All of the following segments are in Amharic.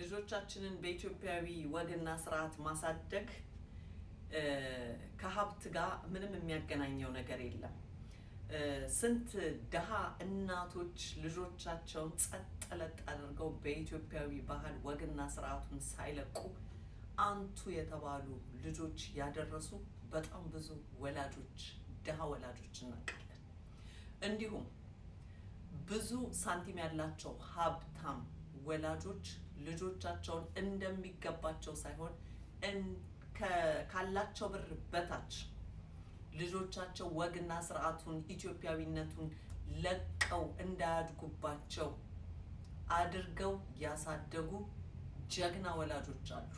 ልጆቻችንን በኢትዮጵያዊ ወግና ስርዓት ማሳደግ ከሀብት ጋር ምንም የሚያገናኘው ነገር የለም። ስንት ድሃ እናቶች ልጆቻቸውን ጸጥ ለጥ አድርገው በኢትዮጵያዊ ባህል ወግና ስርዓቱን ሳይለቁ አንቱ የተባሉ ልጆች ያደረሱ በጣም ብዙ ወላጆች፣ ድሃ ወላጆች እናውቃለን። እንዲሁም ብዙ ሳንቲም ያላቸው ሀብታም ወላጆች ልጆቻቸውን እንደሚገባቸው ሳይሆን ካላቸው ብር በታች ልጆቻቸው ወግና ስርዓቱን ኢትዮጵያዊነቱን ለቀው እንዳያድጉባቸው አድርገው ያሳደጉ ጀግና ወላጆች አሉ፣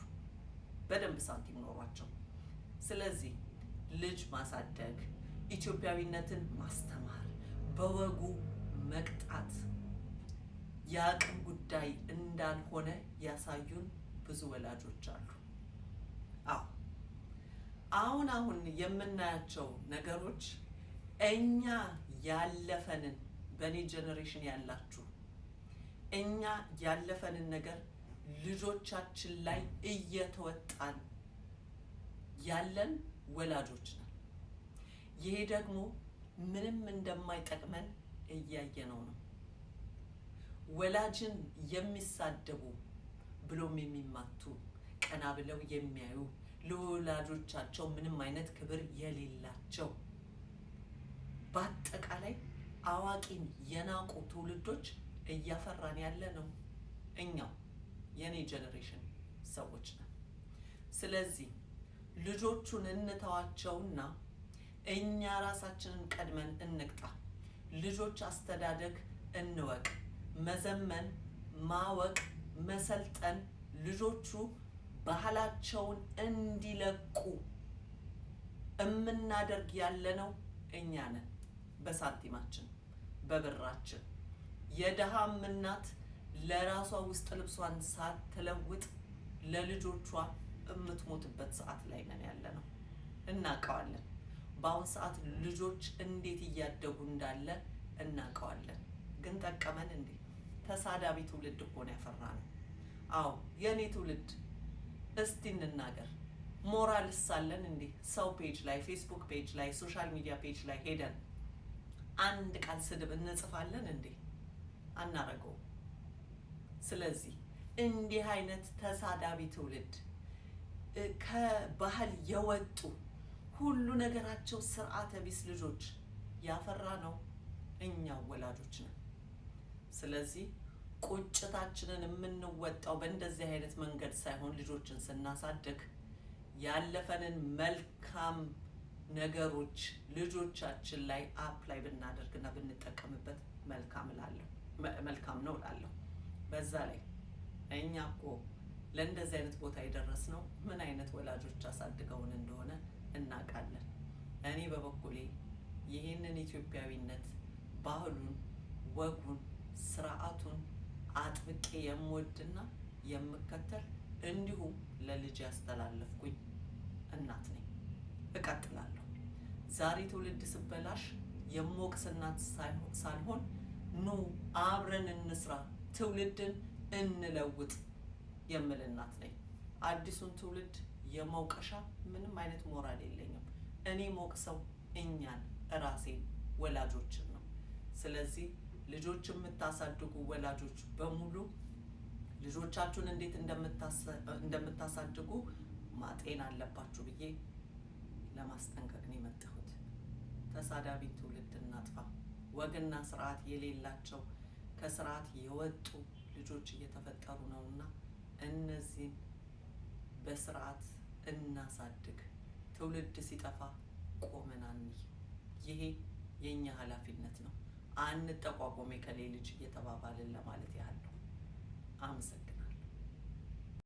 በደንብ ሳንቲም ኖሯቸው። ስለዚህ ልጅ ማሳደግ ኢትዮጵያዊነትን ማስተማር፣ በወጉ መቅጣት የአቅም ጉዳይ እንዳልሆነ ያሳዩን ብዙ ወላጆች አሉ። አዎ አሁን አሁን የምናያቸው ነገሮች እኛ ያለፈንን በእኔ ጄኔሬሽን ያላችሁ እኛ ያለፈንን ነገር ልጆቻችን ላይ እየተወጣን ያለን ወላጆች ነን። ይሄ ደግሞ ምንም እንደማይጠቅመን እያየነው ነው። ወላጅን የሚሳደቡ ብሎም የሚማቱ ቀና ብለው የሚያዩ ለወላጆቻቸው ምንም አይነት ክብር የሌላቸው በአጠቃላይ አዋቂን የናቁ ትውልዶች እያፈራን ያለ ነው። እኛው የኔ ጀኔሬሽን ሰዎች ነን። ስለዚህ ልጆቹን እንተዋቸውና እኛ ራሳችንን ቀድመን እንቅጣ። ልጆች አስተዳደግ እንወቅ። መዘመን፣ ማወቅ፣ መሰልጠን ልጆቹ ባህላቸውን እንዲለቁ እምናደርግ ያለነው እኛ ነን። በሳንቲማችን በብራችን የድሃም እናት ለራሷ ውስጥ ልብሷን ሳትለውጥ ለልጆቿ የምትሞትበት ሰዓት ላይ ነን ያለ ነው። እናውቀዋለን። በአሁን ሰዓት ልጆች እንዴት እያደጉ እንዳለ እናውቀዋለን። ግን ጠቀመን እንዴ? ተሳዳቢ ትውልድ እኮ ነው ያፈራ ነው። አዎ የእኔ ትውልድ እስቲ እንናገር፣ ሞራልስ ሳለን እንዴ? ሰው ፔጅ ላይ፣ ፌስቡክ ፔጅ ላይ፣ ሶሻል ሚዲያ ፔጅ ላይ ሄደን አንድ ቃል ስድብ እንጽፋለን እንዴ? አናረገውም። ስለዚህ እንዲህ አይነት ተሳዳቢ ትውልድ ከባህል የወጡ ሁሉ ነገራቸው ስርዓተ ቢስ ልጆች ያፈራ ነው እኛ ወላጆች ነን። ስለዚህ ቁጭታችንን የምንወጣው በእንደዚህ አይነት መንገድ ሳይሆን ልጆችን ስናሳድግ ያለፈንን መልካም ነገሮች ልጆቻችን ላይ አፕላይ ብናደርግና ብንጠቀምበት መልካም ነው እላለሁ። በዛ ላይ እኛ እኮ ለእንደዚህ አይነት ቦታ የደረስነው ምን አይነት ወላጆች አሳድገውን እንደሆነ እናውቃለን። እኔ በበኩሌ ይህንን ኢትዮጵያዊነት ባህሉን፣ ወጉን ስርዓቱን አጥብቄ የምወድና የምከተል እንዲሁም ለልጅ ያስተላለፍኩኝ እናት ነኝ። እቀጥላለሁ። ዛሬ ትውልድ ስበላሽ የምወቅስ እናት ሳልሆን ኑ አብረን እንስራ፣ ትውልድን እንለውጥ የምል እናት ነኝ። አዲሱን ትውልድ የመውቀሻ ምንም አይነት ሞራል የለኝም። እኔ ሞቅሰው እኛን እራሴን ወላጆችን ነው። ስለዚህ ልጆች የምታሳድጉ ወላጆች በሙሉ ልጆቻችሁን እንዴት እንደምታሳድጉ ማጤን አለባችሁ ብዬ ለማስጠንቀቅ ነው የመጣሁት። ተሳዳቢ ትውልድ እናጥፋ። ወግና ስርዓት የሌላቸው ከስርዓት የወጡ ልጆች እየተፈጠሩ እና እነዚህን በስርዓት እናሳድግ። ትውልድ ሲጠፋ ቆመን አንይ። ይሄ የእኛ ኃላፊነት ነው። አንጠቋቆሜ ከሌ ልጅ እየተባባልን ለማለት ያህል ነው። አመሰግናለሁ።